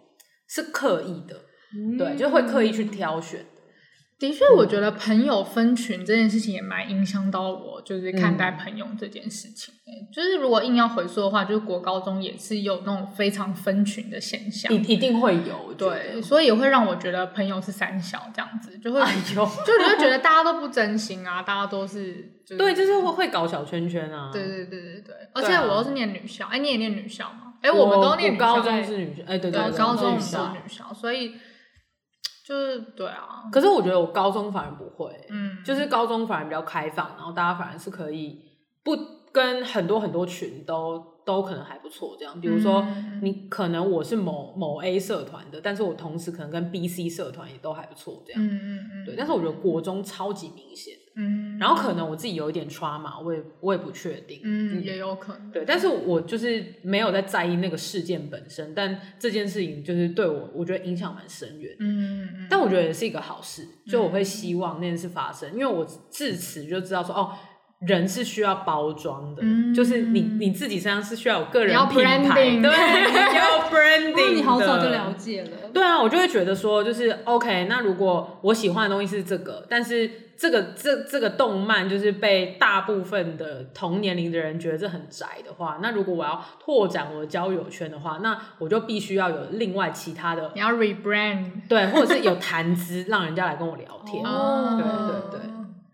是刻意的，嗯，對，就會刻意去挑選。嗯。的確，我覺得朋友分群這件事情也蠻影響到我，就是看待朋友這件事情、欸嗯。就是如果硬要回溯的話，就是國高中也是有那種非常分群的現象，一定會有。嗯、對有，所以也會讓我覺得朋友是三小這樣子，就會，哎、就你會覺得大家都不真心啊， 大家都是、就是，對，就是會會搞小圈圈啊。對對對對對，對啊、而且我又是念女校，哎、欸，你也念女校嗎？哎、欸，我們都念，念高中是女校，哎、欸，對對對，高中是女校，欸對對對女校啊、女校所以。就是對啊，可是我覺得我高中反而不會、欸，嗯，就是高中反而比較開放，然後大家反而是可以不跟很多很多群都都可能還不錯這樣，比如說你可能我是某某 A 社團的，但是我同時可能跟 B C 社團也都還不錯這樣。嗯嗯嗯，對，但是我覺得國中超級明顯。嗯，然後可能我自己有一點 trauma，我也我也不確定。嗯，嗯，也有可能，對，但是我就是沒有在在意那個事件本身，但這件事情就是對我，我覺得影響蠻深遠，嗯，嗯，但我覺得也是一個好事，嗯、就我會希望那件事發生，嗯，因為我自此就知道說，哦，人是需要包裝的，嗯、就是你、嗯、你自己身上是需要有個人品牌，你要 branding，對，你就要 branding，哦、你好早就了解了。對啊，我就會覺得說，就是 OK。那如果我喜歡的東西是這個，但是這個這這個動漫就是被大部分的同年齡的人覺得這很宅的話，那如果我要拓展我的交友圈的話，那我就必須要有另外其他的。你要 rebrand，對，或者是有談資讓人家來跟我聊天。哦。 對對對。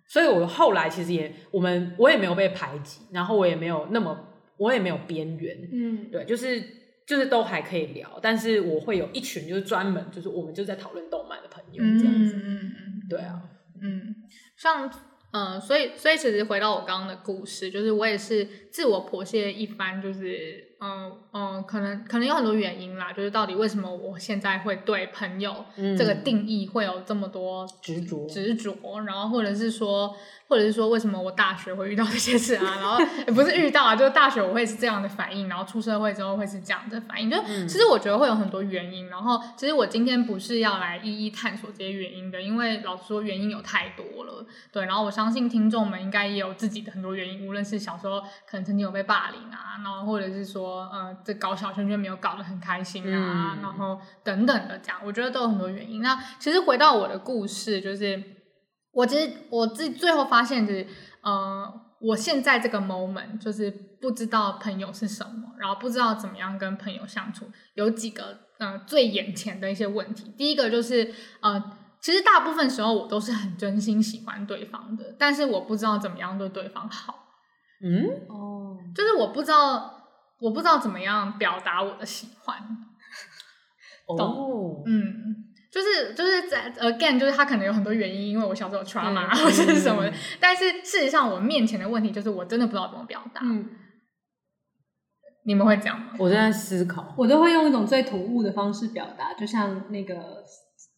所以我後來其實也，我們我也沒有被排擠，然後我也沒有那麼，我也沒有邊緣。嗯，對，就是。就是都還可以聊，但是我會有一群就是專門就是我們就在討論動漫的朋友這樣子。嗯嗯對啊，嗯，像嗯、呃，所以所以其實回到我剛剛的故事，就是我也是自我剖析一番，就是。嗯嗯，可能可能有很多原因啦，就是到底為什麼我現在會對朋友這個定義會有這麼多執着執着，然後或者是說，或者是說為什麼我大學會遇到這些事啊？ 然後也不是遇到啊，就是大學我會是這樣的反應，然後出社會之後會是這樣的反應。就、嗯、其實我覺得會有很多原因，然後其實我今天不是要來一一探索這些原因的，因為老實說原因有太多了。對，然後我相信聽眾們應該也有自己的很多原因，無論是小時候可能曾經有被霸凌啊，然後或者是說。呃、嗯，這搞小圈圈沒有搞得很開心啊，然後等等的這樣，我覺得都有很多原因。那其實回到我的故事，就是我其實我自己最後發現、就是，呃，我現在這個 moment 就是不知道朋友是什麼，然後不知道怎麼樣跟朋友相處，有幾個呃最眼前的一些問題。第一個就是呃，其實大部分時候我都是很真心喜歡對方的，但是我不知道怎麼樣對對方好。嗯，哦，就是我不知道。我不知道怎麼樣表達我的喜歡，哦，oh. 嗯，就是就是在 again，就是他可能有很多原因，因為我小時候有 trauma 或是什麼的，嗯，但是事實上我面前的問題就是我真的不知道怎麼表達。嗯，你們會這樣嗎？我正在思考，我都會用一種最突兀的方式表達，就像那個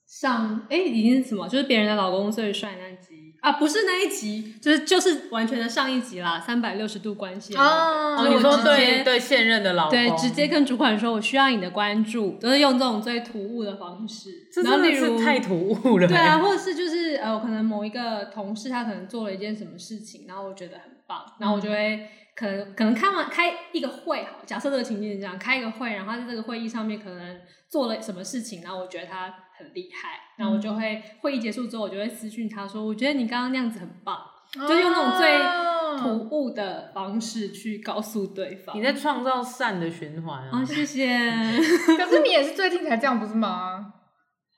上，哎，已經是什麼，就是別人的老公最帥那集。啊，不是那一集，就是就是完全的上一集啦，三百六十度關係。哦，哦直接，你說對對現任的老板對，直接跟主管說，我需要你的關注，都、就是用這種最突兀的方式。是欸、然後例如，太突兀了。對啊，或者是就是呃，我可能某一個同事他可能做了一件什麼事情，然後我覺得很棒，然後我就會可能、嗯、可能開完開一個會，好，假設這個情境是這樣，開一個會，然後在這個會議上面可能做了什麼事情，然後我覺得他。很厲害，那我就會、嗯、會議結束之後，我就會私訊他說：“我覺得你剛剛那樣子很棒，啊、就用那種最突兀的方式去告訴對方。”你在創造善的循環啊、哦！謝謝。可 是你也是最近才這樣，不是嗎？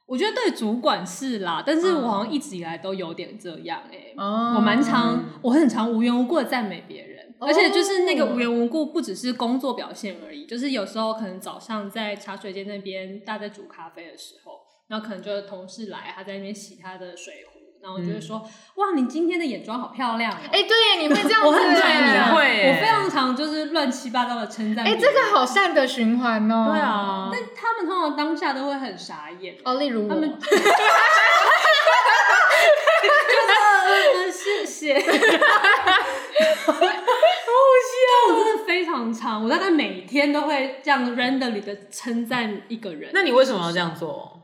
我覺得對主管是啦，但是我好像一直以來都有點這樣哦、欸啊，我蠻常，我很常無緣無故的讚美別人、哦，而且就是那個無緣無故，不只是工作表現而已、哦，就是有時候可能早上在茶水間那邊，大家在煮咖啡的時候。可能就同事來，他在那邊洗他的水壺，然後我就會說、嗯：“哇，你今天的眼妝好漂亮、喔！”哎、欸，對耶，你會這樣子，你會，我非常常就是亂七八糟的稱讚。哎、欸，這個好善的循環哦、喔。對啊，那他們通常當下都會很傻眼。哦，例如我，謝謝 奇、啊，好 我 真的非常常，我大概每天都會這樣 randomly 的稱讚一個人。那你為什麼要這樣做？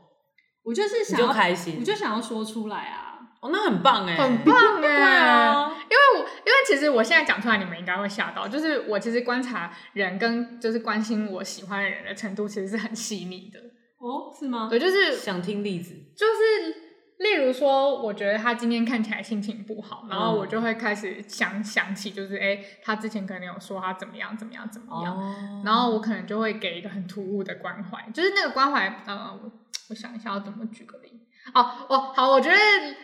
我就是想，要，你就開心，我就想要說出來啊！哦，那很棒哎、欸，很棒哎、欸！ 因為我，因為其實我現在講出來，你們應該會嚇到。就是我其實觀察人跟就是關心我喜歡的人的程度，其實是很細膩的。哦，是嗎？對，就是想聽例子。就是例如說，我覺得他今天看起來心情不好，然後我就會開始想想起，就是哎、欸，他之前可能有說他怎麼樣怎麼樣怎麼樣，然後我可能就會給一個很突兀的關懷，就是那個關懷，嗯、呃我想一下要怎麼舉個例哦我好，我覺得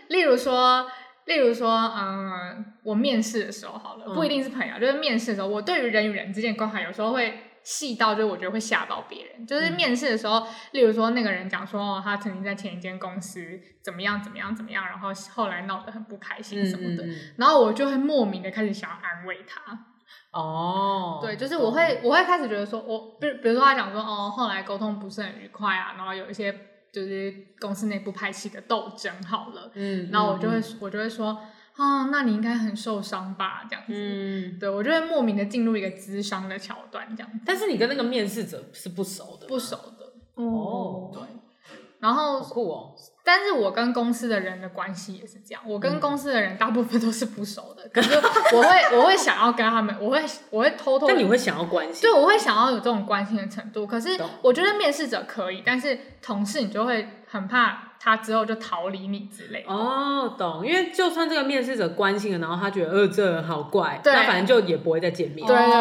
例如說，例如說，嗯，我面試的時候好了、嗯，不一定是朋友，就是面試的時候，我對於人與人之間溝通，關懷有時候會細到就是我覺得會嚇到別人。就是面試的時候，例如說那個人講說，哦，他曾經在前一間公司怎麼樣怎麼樣怎麼樣，然後後來鬧得很不開心什麼的嗯嗯嗯，然後我就會莫名的開始想要安慰他。哦，對，就是我會我會開始覺得說，我比如比如說他講說，哦，後來溝通不是很愉快啊，然後有一些。就是公司內部派系的鬥爭，好了，嗯，然後我就會，嗯、我就會說，啊、哦，那你應該很受傷吧，這樣子，嗯，對我就會莫名的進入一個諮商的橋段，這樣。但是你跟那個面試者是不熟的，不熟的，哦，對，然後酷哦。但是我跟公司的人的關係也是這樣，我跟公司的人大部分都是不熟的，嗯、可是我會我會想要跟他們，我會我會偷偷，但你會想要關心，對，我會想要有這種關心的程度。可是我覺得面試者可以、嗯，但是同事你就會。很怕他之後就逃離你之類的。哦，懂，因為就算這個面試者關心了，然後他覺得呃，這人好怪，那反正就也不會再見面。哦。對對對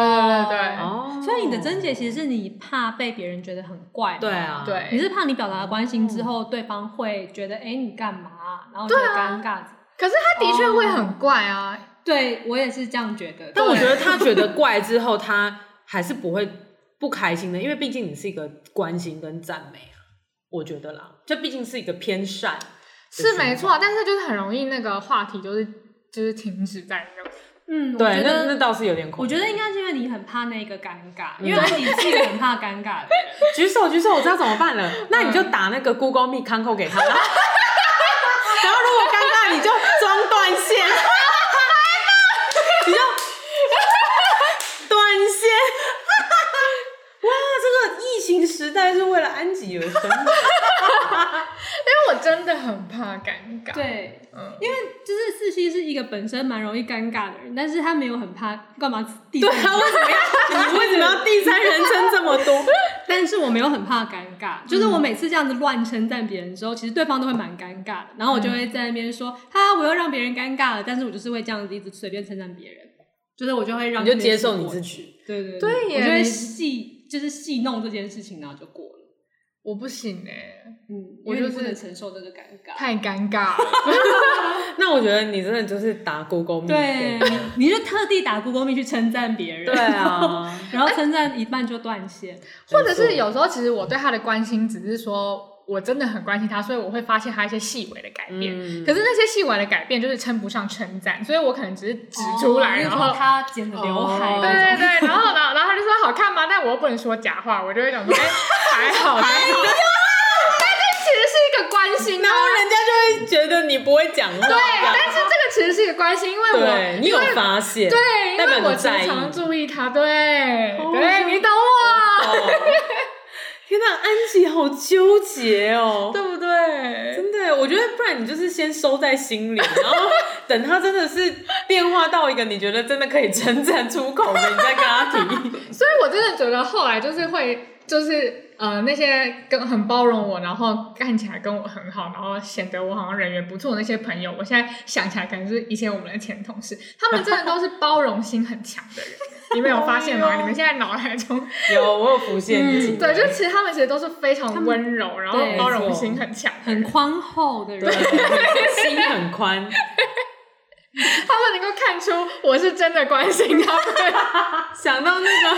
對對。哦。所以你的症結其實是你怕被別人覺得很怪。對啊。對。你是怕你表達關心之後，嗯，對方會覺得哎，欸，你幹嘛？然後覺得尷尬。啊。可是他的確會很怪啊。哦，對我也是這樣覺得。但我覺得他覺得怪之後， 他還是不會不開心的，因為畢竟你是一個關心跟讚美。我覺得啦，這畢竟是一個偏善，是沒錯，但是就是很容易那個話題就是就是停止在那。嗯，對，那那倒是有點恐怖。我覺得應該是因為你很怕那個尷尬，因為你是一個很怕尷尬的。 舉手舉手，我知道怎麼辦了。 那你就打那個 Google Meet 看扣 給他，然後， 然後如果尷尬，你就裝斷線。實在是為了安吉而生， 因為我真的很怕尷尬。對，嗯、因為就是四七是一個本身蠻容易尷尬的人，但是他沒有很怕幹嘛？第三，你為什麼要第三人稱這麼多？ 但是我沒有很怕尷尬，就是我每次這樣子亂稱讚別人的時候、嗯、其實對方都會蠻尷尬的。然後我就會在那邊說：“嗯、啊，我又讓別人尷尬了。”但是，我就是會這樣子一直隨便稱讚別人，就是我就會讓你就接受你自己。對對對，對我覺得戲。就是戲弄這件事情，然後就過了。我不行誒、欸、嗯，我就是不能承受這個尷尬，尬，太尷尬了。 那我覺得你真的就是打 Google Meet 對你 你就特地打 Google Meet 去稱讚別人，對啊，然後稱讚、啊、一半就斷線、啊，或者是有時候其實我對他的關心只是說。我真的很關心他，所以我會發現他一些細微的改變。嗯、可是那些細微的改變就是稱不上稱讚，所以我可能只是指出來。哦、然後他剪的劉海、哦。對對對，然後然後然後他就說好看嗎？但我又不能說假話，我就會講說，哎， 還好還好，還好。但這其實是一個關心、嗯啊。然後人家就會覺得你不會講話，話。對，但是這個其實是一個關心，因為我對你有發現？對，對，因為我經常注意他。對對，你懂我。Oh, oh. 天吶，安吉好糾結哦， 對不對？真的，我覺得不然你就是先收在心裡， 然後等他真的是變化到一個你覺得真的可以稱讚出口的，你再跟他提 所以我真的覺得後來就是會。就是呃，那些跟很包容我，然後看起來跟我很好，然後顯得我好像人緣不錯的那些朋友，我現在想起來可能是以前我們的前同事，他們真的都是包容心很強的人 你們有發現嗎？你們現在腦海中有， 有我有浮現、 嗯、 對，就其實他們其實都是非常溫柔，然後包容心很強，很寬厚的人， 心很寬。 他們能夠看出我是真的關心他們， 想到那個。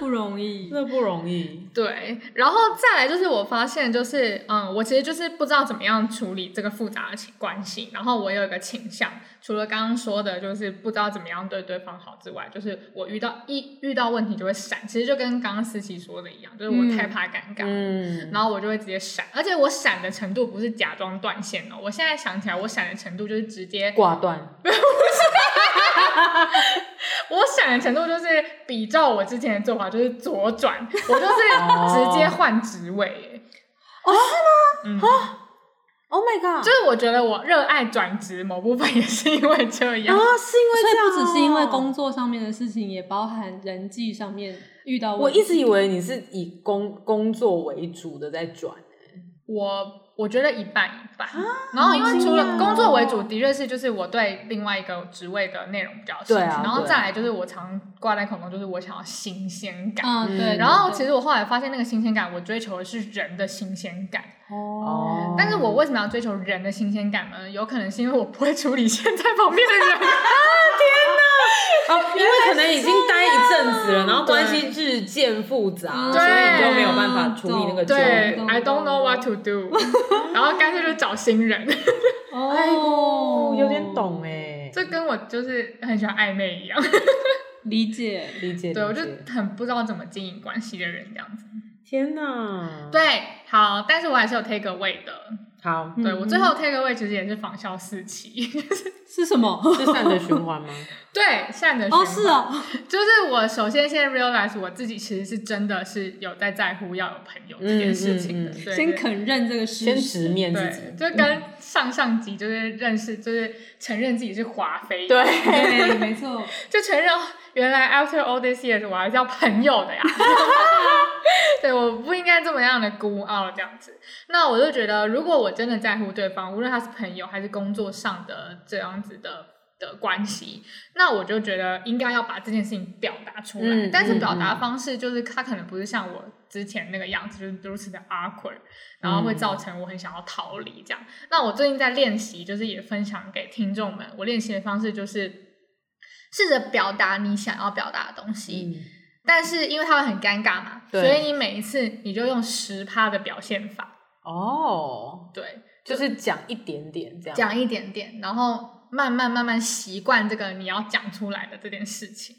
不容易，真的不容易。對，然後再來就是我發現，就是嗯，我其實就是不知道怎麼樣處理這個複雜的情關係。然後我有一個傾向，除了剛剛說的，就是不知道怎麼樣對對方好之外，就是我遇到一遇到問題就會閃。其實就跟剛剛思琪說的一樣，就是我太怕尷尬，嗯，然後我就會直接閃。而且我閃的程度不是假裝斷線哦，我現在想起來，我閃的程度就是直接掛斷。 我想的程度就是比照我之前的做法，就是左轉，我就是直接換職位。哦、 oh. oh. oh. 嗯，是嗎、oh.？哦，oh my god，就是我覺得我熱愛轉職某部分也是因為這樣啊，oh. 是因為這樣，不只是因為工作上面的事情，也包含人際上面遇到。我一直以為你是以工工作為主的在轉，我。我覺得一半一半、啊，然後因為除了工作為主，喔、的確是就是我對另外一個職位的內容比較熟、啊、然後再來就是我常掛在口中的就是我想要新鮮感、嗯，對。然後其實我後來發現那個新鮮感，我追求的是人的新鮮感。哦，但是我為什麼要追求人的新鮮感呢？有可能是因為我不會處理現在旁邊的人。 啊天吶。好、 哦，因為可能已經待一陣子了，然後關係日漸複雜、嗯，所以你就沒有辦法處理那個、嗯。對，I don't know what to do， 然後乾脆就找新人。哦， 有點懂哎，這跟我就是很喜歡曖昧一樣。理解，理解。對，我就很不知道怎麼經營關係的人這樣子。天哪，對，好，但是我還是有 take away 的。好，對、嗯、我最後 take away 其實也是仿效四期，是是什麼？ 是善的循環嗎？對，善的哦，oh, 是啊，就是我首先先 realize 我自己其實是真的是有在在乎要有朋友這件事情的，嗯嗯嗯、對對對，先肯認這個事，先直面自己，就跟上上級就是認識，就是承認自己是華妃，對，對 沒錯，就承認原來 after all this years 我還是要朋友的呀， 對，我不應該這麼樣的孤傲這樣子，那我就覺得如果我真的在乎對方，無論他是朋友還是工作上的這樣子的。的關係，那我就覺得應該要把這件事情表達出來，嗯，但是表達方式就是他可能不是像我之前那個樣子，就是如此的 awkward，嗯、然後會造成我很想要逃離這樣。那我最近在練習，就是也分享給聽眾們，我練習的方式就是試着表達你想要表達的東西，嗯，但是因為他會很尷尬嘛，所以你每一次你就用十趴的表現法哦，oh, 對，就是講一點點這樣，講一點點，然後。慢慢慢慢習慣這個你要講出來的這件事情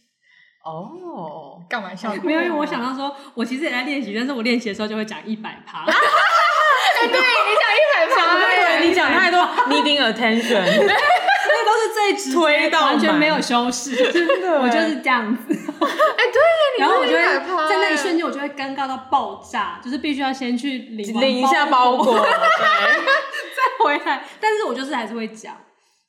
哦，oh, 幹嘛笑？沒有，因為我想到說，我其實也在練習，但是我練習的時候就會講一百趴。哎、 欸，對，你講一百趴，對你講太多 ，needing attention，那 對 都是最直推到，完全沒有修飾， 真的，我就是這樣子。哎、 欸，對，然後我就會、欸、 在那一瞬間，我就會尷尬到爆炸， 就是必須要先去領領一下包裹， 再回來，但是我就是還是會講。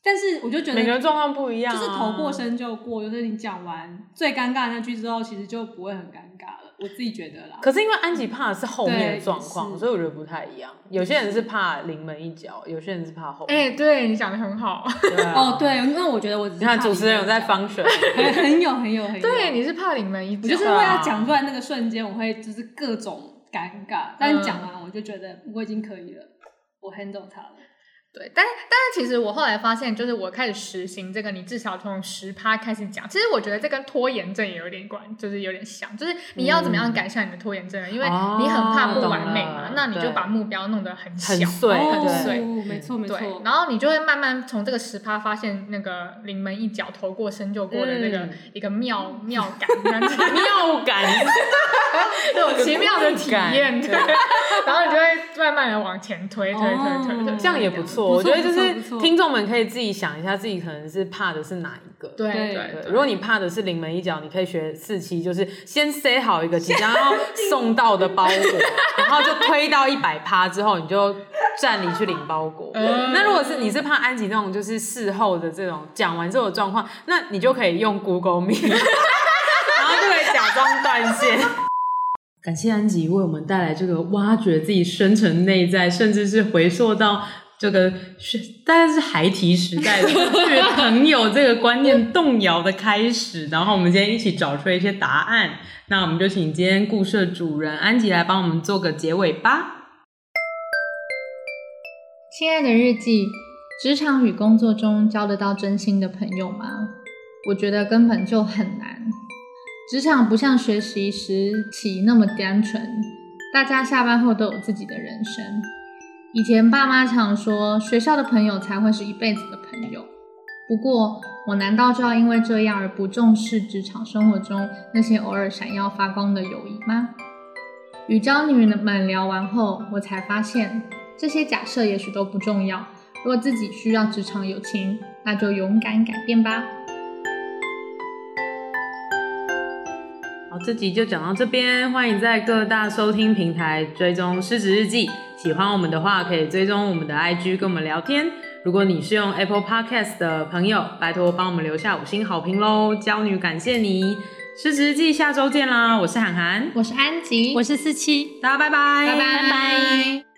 但是我就覺得每個人狀況不一樣、啊，就是頭過身就過，就是你講完最尷尬的那句之後，其實就不會很尷尬了。我自己覺得啦。可是因為安吉怕的是後面的狀況，所以我覺得不太一樣。有些人是怕臨門一腳，有些人是怕後面。哎、欸，對，你講的很好。對啊、 哦，對，那我覺得我你看主持人有在 function， 很有很有很。有。對，你是怕臨門一腳、啊。就是為了講出來那個瞬間，我會就是各種尷尬，但是講完我就覺得我已經可以了，我 handle 他了。對，但是但是其實我後來發現，就是我開始實行這個，你至少從十趴開始講。其實我覺得這跟拖延症也有點關，就是有點像，就是你要怎麼樣改善你的拖延症？嗯、因為你很怕不完美嘛、哦，那你就把目標弄得很小，對，很碎，哦，很碎對。嗯、沒錯沒錯。然後你就會慢慢從這個十趴發現那個臨門一腳、頭過身就過的那個一個妙妙感、嗯，妙感， 妙感 這種奇妙的體驗。對哦、 然後你就會慢慢的往前推、哦、推推推，推，這樣也不錯。我覺得就是聽眾們可以自己想一下，自己可能是怕的是哪一個？對對，對。如果你怕的是臨門一腳，你可以學四期，就是先塞好一個即將要送到的包裹，然後就推到一百趴之後，你就站立去領包裹，嗯。那如果是你是怕安吉那種，就是事後的這種講完之後的狀況，那你就可以用 Google Meet 然後就可以假裝斷線。感謝安吉為我們帶來這個挖掘自己深層內在，甚至是回溯到。這個是，但是孩提時代的，特別很有這個觀念動搖的開始。然後我們今天一起找出一些答案，那我們就請今天故事主人安吉來幫我們做個結尾吧。親愛的日記，職場與工作中交得到真心的朋友嗎？我覺得根本就很難。職場不像學習時期那麼單純，大家下班後都有自己的人生。以前爸媽常說，學校的朋友才會是一輩子的朋友。不過，我難道就要因為這樣而不重視職場生活中那些偶爾閃耀發光的友誼嗎？與驕女們聊完後，我才發現這些假設也許都不重要。如果自己需要職場友情，那就勇敢改變吧。好，這集就講到這邊。歡迎在各大收聽平台追蹤《失職日記》。喜歡我們的話，可以追蹤我們的 IG 跟我們聊天。如果你是用 Apple Podcast 的朋友，拜託幫我們留下五星好評嘍！驕女感謝你，《失職日記》下週見啦！我是涵涵，我是安吉，我是四七，大家拜拜，拜拜。拜拜。